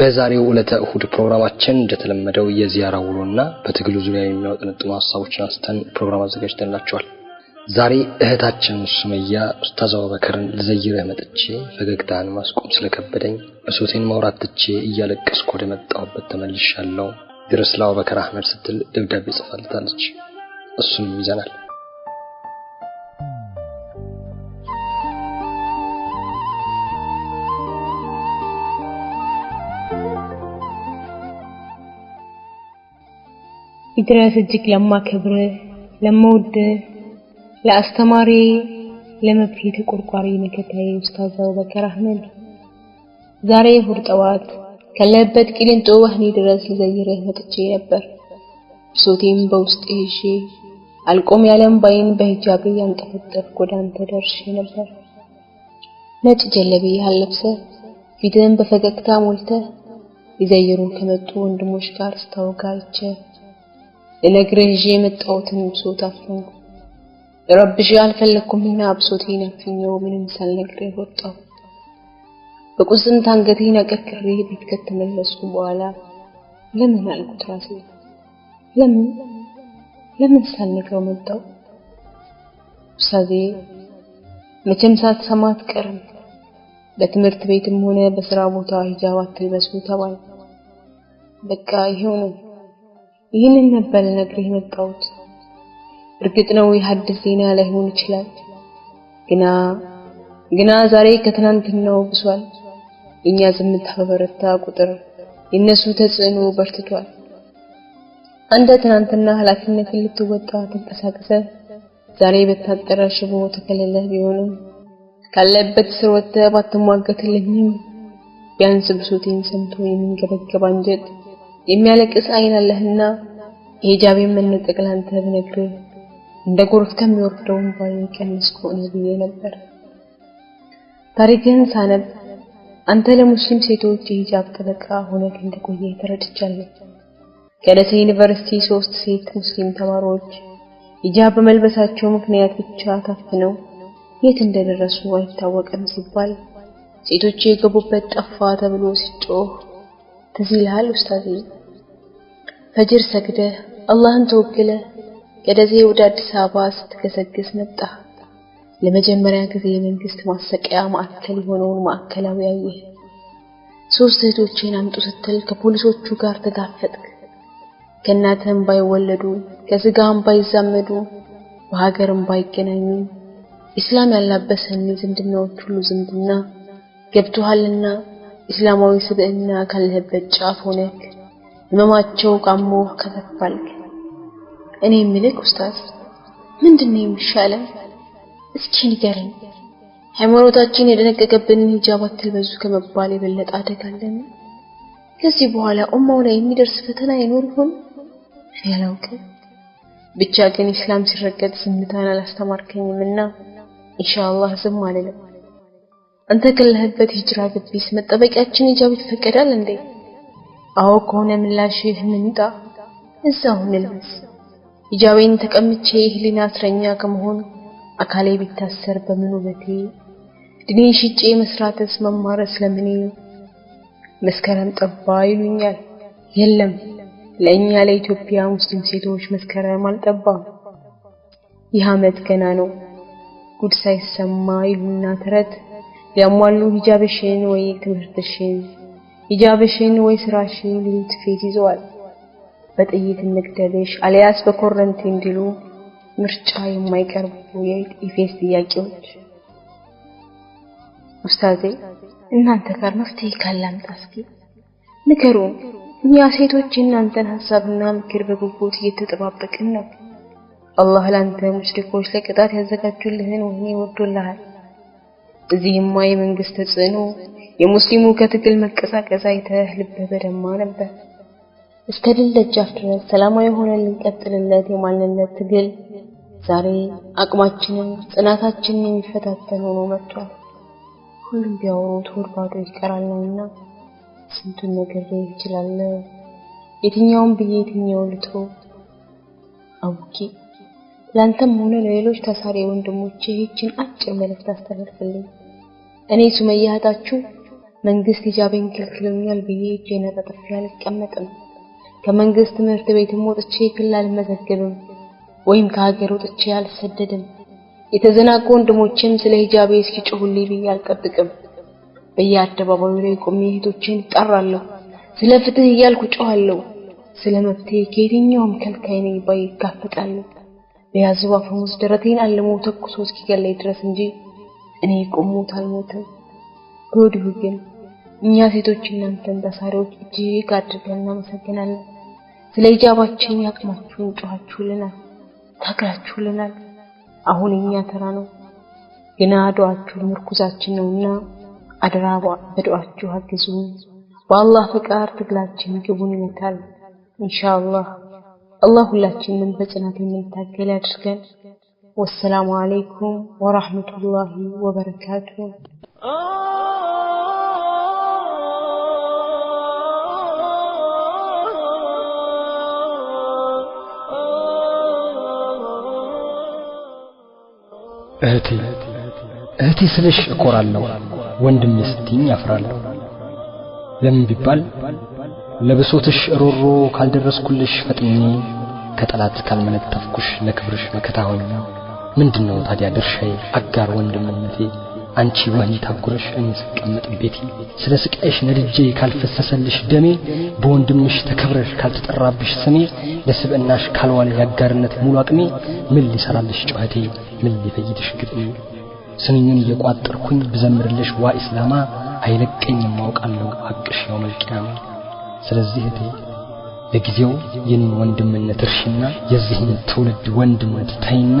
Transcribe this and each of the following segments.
በዛሬው ዕለተ እሁድ ፕሮግራማችን እንደተለመደው የዚያራ ውሎና በትግሉ ዙሪያ የሚያወጠነጥኑ ሀሳቦችን አንስተን ፕሮግራም አዘጋጅተንላቸዋል። ዛሬ እህታችን ሱመያ ኡስታዝ አቡበከርን ልዘይርህ መጥቼ ፈገግታን ማስቆም ስለከበደኝ እሶቴን ማውራት ትቼ እያለቀስኩ ወደ መጣሁበት ተመልሻለሁ ድረስ ለአቡበከር አህመድ ስትል ደብዳቤ ጽፋልታለች። እሱንም ይዘናል። ይድረስ እጅግ ለማከብር ለመውድ ለአስተማሪ ለመብት የተቆርቋሪ መከታዬ ኡስታዝ አቡበከር አህመድ ዛሬ እሑድ ጠዋት ካለበት ቂሊንጦ ወህኒ ድረስ ልዘይርህ መጥቼ ነበር። ብሶቴም በውስጥ ይዤ አልቆም ያለም ባይን በሂጃብ ያንጠፈጠፍኩ ጎዳን ተደርሼ ነበር። ነጭ ጀለቤ ያለብሰ ፊትህን በፈገግታ ሞልተህ ይዘይሩ ከመጡ ወንድሞች ጋር ስታወጋ አይቼ ልነግርህ ይዤ የመጣሁትን ብሶት አፈንኩ። ልረብሽ አልፈለግኩምና ብሶቴን አፍኜው ምንም ሳልነግርህ ወጣሁ። በቁስንት አንገቴን አቀርቅሬ ቤት ከተመለስኩ በኋላ ለምን አልኩት ራሴ ለምን ለምን ሳልነግረው መጣሁ? ውሳዜ መቼም ሳትሰማ አትቀርም። በትምህርት ቤትም ሆነ በስራ ቦታ ሂጃብ አትልበሱ ተባል። በቃ ይሄው ነው። ይህንን ነበር ልነግርህ የመጣሁት። እርግጥ ነው ይህ አዲስ ዜና ላይሆን ይችላል፣ ግና ግና ዛሬ ከትናንትናው ብሷል። የእኛ ዝምታ በበረታ ቁጥር የእነሱ ተጽዕኖ በርትቷል። አንተ ትናንትና ኃላፊነትን ልትወጣ ተንቀሳቀሰ ዛሬ በታጠረ ሽቦ ተከለለ ቢሆንም ካለበት ስር ወጥተህ ባትሟገትልኝም ቢያንስ ብሶቴን ሰምቶ የሚንገበገብ አንጀት የሚያለቅስ አይን አለህና ሂጃቤን መነጠቅ ላንተ ብነግርህ እንደ ጎርፍ ከሚወርደው ባይ ቀንስ ከሆነ ብዬ ነበር። ታሪክህን ሳነብ አንተ ለሙስሊም ሴቶች የሂጃብ ጠበቃ ሆነህ እንደቆየ ተረድቻለሁ። ከደሴ ዩኒቨርሲቲ ሶስት ሴት ሙስሊም ተማሪዎች ሂጃብ በመልበሳቸው ምክንያት ብቻ ታፍነው የት እንደደረሱ አይታወቅም ሲባል ሴቶች የገቡበት ጠፋ ተብሎ ሲጮህ ትዝ ይልሃል ኡስታዝ? ፈጅር ሰግደ አላህን ተወክለህ ከደሴ ወደ አዲስ አበባ ስትገሰግስ መጣ። ለመጀመሪያ ጊዜ የመንግስት ማሰቂያ ማዕከል የሆነውን ማዕከላዊ አየህ። ሶስት እህቶችን አምጡ ስትል ከፖሊሶቹ ጋር ተጋፈጥክ። ከእናትህም ባይወለዱ ከስጋም ባይዛመዱ በሀገርም ባይገናኙ ኢስላም ያላበሰን ዝምድናዎች ሁሉ ዝምድና ገብቶሃልና ኢስላማዊ ስብዕና ካለህበት ጫፍ ሆነክ ህመማቸው ቃሞ ከተፋል። እኔ የምልክ ኡስታዝ ምንድን ነው የሚሻለን? እስኪ ንገረኝ። ሃይማኖታችን የደነቀቀብንን ሂጃብ አትልበሱ ከመባል የበለጠ አደጋ አለን? ከዚህ በኋላ ኡማው ላይ የሚደርስ ፈተና ይኖር ይሆን? እኔ አላውቅም። ብቻ ግን ኢስላም ሲረገጥ ዝምታን አላስተማርከኝምና ኢንሻአላህ ዝም አልልም። አንተ ከለህበት ሂጅራ ግቢስ መጠበቂያችን ሂጃብ ይፈቀዳል እንዴ? አዎ ከሆነ ምላሽህ ምን ይምጣ፣ እዛው እንልበስ። ሂጃቤን ተቀምቼ ህሊና እስረኛ ከመሆን አካሌ ቢታሰር በምን ውበቴ፣ ድኔ ሽጬ መስራትስ መማረስ ለምኔ። መስከረም ጠባ ይሉኛል፣ የለም ለእኛ ለኢትዮጵያ ሙስሊም ሴቶች መስከረም አልጠባም። ይህ አመት ገና ነው ጉድ ሳይሰማ ይሉና ተረት ያሟሉ ሂጃብሽን ወይ ትምህርትሽን ሂጃብሽን ወይ ስራሽን ፌት ይዘዋል። በጥይት እንግደልሽ አሊያስ በኮረንቲ እንዲሉ ምርጫ የማይቀርቡ የኢፌስ ጥያቄዎች። ኡስታዜ እናንተ ጋር መፍትሄ ካላምጣ እስኪ ንገሩን። እኛ ሴቶች እናንተን ሀሳብና ምክር በጉጉት እየተጠባበቅን ነው። አላህ ላንተ ሙሽሪኮች ለቅጣት ያዘጋጁልህን ወህኒ ወዶልሃል። እዚህማ የመንግስት ተጽዕኖ የሙስሊሙ ከትግል መቀሳቀስ አይተህ ልብህ በደማ ነበር። እስከ ድል ደጃፍ ድረስ ሰላማዊ የሆነ ልንቀጥልለት የማንነት ትግል ዛሬ አቅማችንን ጽናታችንን የሚፈታተን ሆኖ መጥቷል። ሁሉም ቢያወሩ ሆድ ባዶ ይቀራል ነውና ስንቱን ነገር ላይ የትኛውን ብዬ የትኛው ልቶ አውቄ ላንተም ሆነ ለሌሎች ታሳሪ ወንድሞቼ ይህችን አጭር መልእክት አስተላልፍልኝ። እኔ ሱመያ እህታችሁ መንግስት ሂጃቤን ከልክሎኛል ብዬ እጄን አጣጥፌ አልቀመጥም። ከመንግስት ትምህርት ቤትም ወጥቼ ክልል አልመዘገብም ወይም ከሀገር ወጥቼ አልሰደድም። የተዘናጉ ወንድሞችም ስለ ሂጃቤ እስኪጮሁልኝ ብዬ አልጠብቅም። በየአደባባዩ ላይ ቆሜ እህቶቼን እጠራለሁ። ስለ ፍትህ እያልኩ ጮኋለሁ። ስለ መፍትሄ ከየትኛውም ከልካይ ነኝ ባይ ይጋፈጣሉ። በያዘው አፈሙዝ ደረቴን አልሞ ተኩሶ እስኪገለኝ ድረስ እንጂ እኔ ቆሞት አልሞትም። በወዲሁ ግን እኛ ሴቶች እናንተን በሳሪዎች እጅግ አድርገን እናመሰግናለን። ስለ ሂጃባችን ያቅማችሁን ጮኻችሁልናል፣ ታግራችሁልናል። አሁን እኛ ተራ ነው፣ ግና ዱዓችሁ ምርኩዛችን ነውና አደራ በዱዓችሁ አግዙን። በአላህ ፈቃድ ትግላችን ግቡን ይመታል ኢንሻአላህ። አላህ ሁላችንም በጽናት የምንታገል ያድርገን። والسلام عليكم ورحمة الله وبركاته أهتي أهتي سلش أقرأ الله وندم يستين يفرأ الله لم ببال لبسوتش رورو كالدرس كلش فتني كتلات كالمنتفكش لكبرش مكتاهو الله ምንድን ነው ታዲያ ድርሻዬ? አጋር ወንድምነቴ አንቺ ወህኒ ታጉረሽ እኔ ስቀመጥ ቤቴ ስለ ስቃይሽ ነድጄ ካልፈሰሰልሽ ደሜ በወንድምሽ ተከብረሽ ካልተጠራብሽ ስሜ ለስብእናሽ ካልዋለ የአጋርነት ሙሉ አቅሜ ምን ሊሰራልሽ ጨዋቴ፣ ምን ሊፈይድሽ ግጥሜ ስንኙን እየቋጠርኩኝ ብዘምርልሽ ዋ ኢስላማ አይለቀኝም ማውቃለሁ ሐቅሽ ያው ነው። ስለዚህ እቴ ለጊዜው የኔን ወንድምነት እርሽና የዚህን ትውልድ ወንድምነት ታይና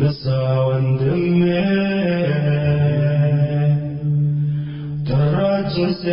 ንሳ ወንድሜ ተራጅሴ